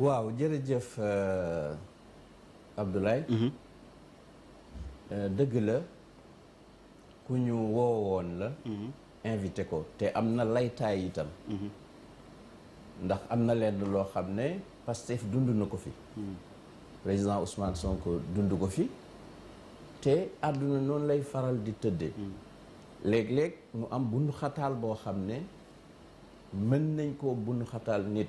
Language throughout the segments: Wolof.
waaw jërëjëf euh, Abdoulaye. Mhm. Euh, dëgg la ku ñu woowoon la. Mhm. invité ko te am na laytaay itam. Mhm. ndax am na lenn loo xam ne Pastef dund na ko fi. président Ousmane Sonko dund ko fi. te àdduna noonu lay faral di tëddee. léeg-léeg mu am bundu xataal boo xam ne mën nañ koo bundu xataal nit.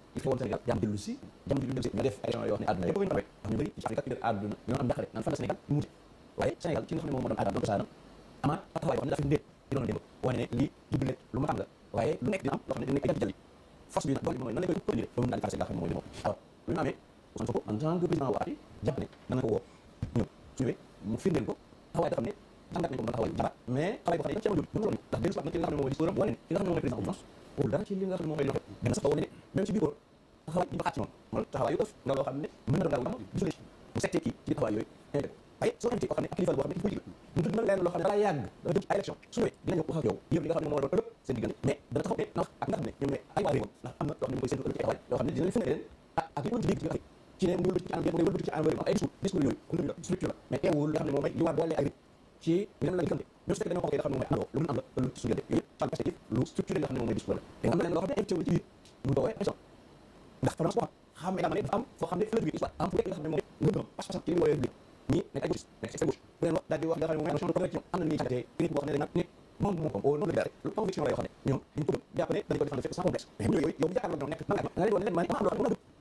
il faut Sénégal jàmm dellu si jàmm bi ñu def ay yoo xam ne àdduna yëpp ñu ndax ñu bëri ci Afrique ak àdduna ñoo am naqare naan fan la Sénégal mu mujj waaye Sénégal ci nga xam ne moom moo doon aadam doon cosaanam amaat taxawaay boo xam ne dafa ndéet di doon démb wane ne lii juddu nekk lu ma xam la waaye lu nekk dina am loo xam ne dina nekk ay jalli force bi nag doole bi mooy nan lañ koy produire ba mu daal di faral Sénégal xam ne mooy bi moom alors lu ñu amee Ousmane Sonko en tant que président waa parti jàpp ne dana ko woo ñëw su ñëwee mu firndeel ko taxawaay dafa ne jàngat nañ ko mën a taxawaay jabaat mais taxawaay boo xam ne yéen cee ma jur mënu loon ndax dellu si waat na ci li nga xam ne moom mooy discours am wane ne ki nga xam ne moom mooy président Ousmane waxul dara ci li nga xam ne moom mooy loxo benn sax ba wane ne même si biir ko taxawaay bi ci moom mooy taxawaay yu loo xam ne mën na doon xam ne ak la mu tudd leen loo xam ne balaa wax ak yow yëpp li xam ne moom moo doon ëllëg seen diggante mais dana taxaw na xam ne ñoom ñooy li mën ci ay discours discours yooyu la nga xam ne moom mooy li waa boole ay nit ci xam ne moom mooy am loo lu mu am la lu structure xam ne moom mooy discours la te am na bu doowee président ndax France boo xam xam également ne dafa am foo xam ne fële islam am nga xam ne moom ngëm-ngëm pas-pas ci li mu wooyee nekk ay nekk extrême gauche bu nga ne moom notion de conviction am na ñuy jàngatee unité boo xam ne dañ naan nit moom moom de liberté la ne ñoom dañ ko gëm jàpp ne dañ ko défendre sans complexe mais bu ñëwee yow bu nekk da nga leen di wan ne leen am loo ne mën a gëm